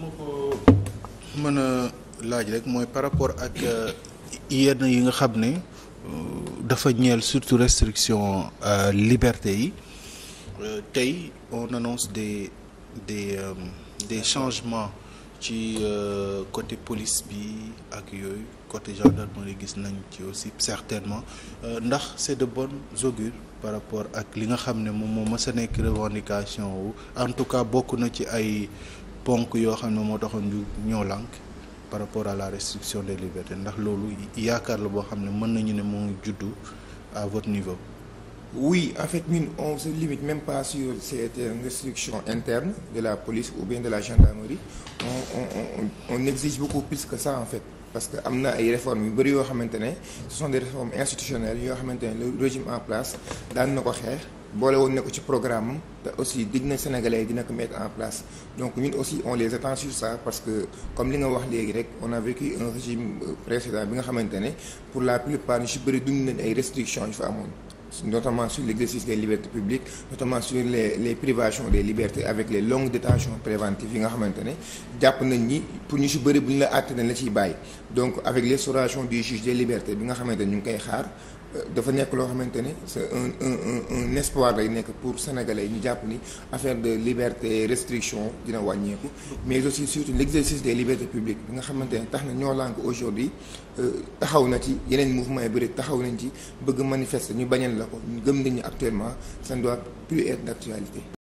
ma ko mën a laaj rek mooy par rapport ak euh, yenn yi nga xam ne euh, dafa ñeel surtout restriction euh, liberté yi tey on annonce des des euh, des changements ci euh, côté police bi ak yooyu côté gendarmerie gis nañ ci aussi certainement ndax euh, c'est de bonnes augures par rapport ak li nga xam ne moom moo mës a nekk revendication wu en tout cas bokk na ci ay ponk yoo xam ne moo taxoon ñu ñoo lànk par rapport à la restriction des libertés ndax loolu yaakaar la boo xam ne mën nañu ne moo ngi juddu à votre niveau. oui en fait ñun on se limite même pas sur cette restriction interne de la police ou bien de la gendarmerie on on on, on plus que ça en fait. parce que am na ay réformes yu bëri yoo xamante ne ce sont des réformes institutionnelles yoo xamante ne le régime en place daan na ko xeex. boole woon na ko ci programme te aussi digg na sénégalais dina ko mettre en place donc ñun aussi on les attend sur ça parce que comme li nga wax léegi rek on a vécu un régime euh, précédent bi nga xamante ne pour la plupart ñu si bëri dund nañ ay restrictions yu fa amoon. notamment sur l'exercice des libertés publiques notamment sur les les privations des libertés avec les longues détentions préventives yi nga xamante ne jàpp nañ ni pour ñu si bëri bu ñu la àtte nañ la ciy bàyyi donc avec l'instauration du juge des libertés bi nga xamante ne ñu ngi koy xaar euh, dafa nekk loo xamante ne c'est un un un espoir lay nekk pour sénégalais yi ñu jàpp ni affaire de liberté restriction dina wàññeeku mais aussi surtout l'exercice des libertés publiques bi nga xamante ne tax na ñoo lànk aujourd'hui euh, taxaw na ci yeneen mouvement yi bëri taxaw nañ ci bëgg manifester ñu bañal la ko ñu gëm nañu actuellement ça ne doit plus être d'actualité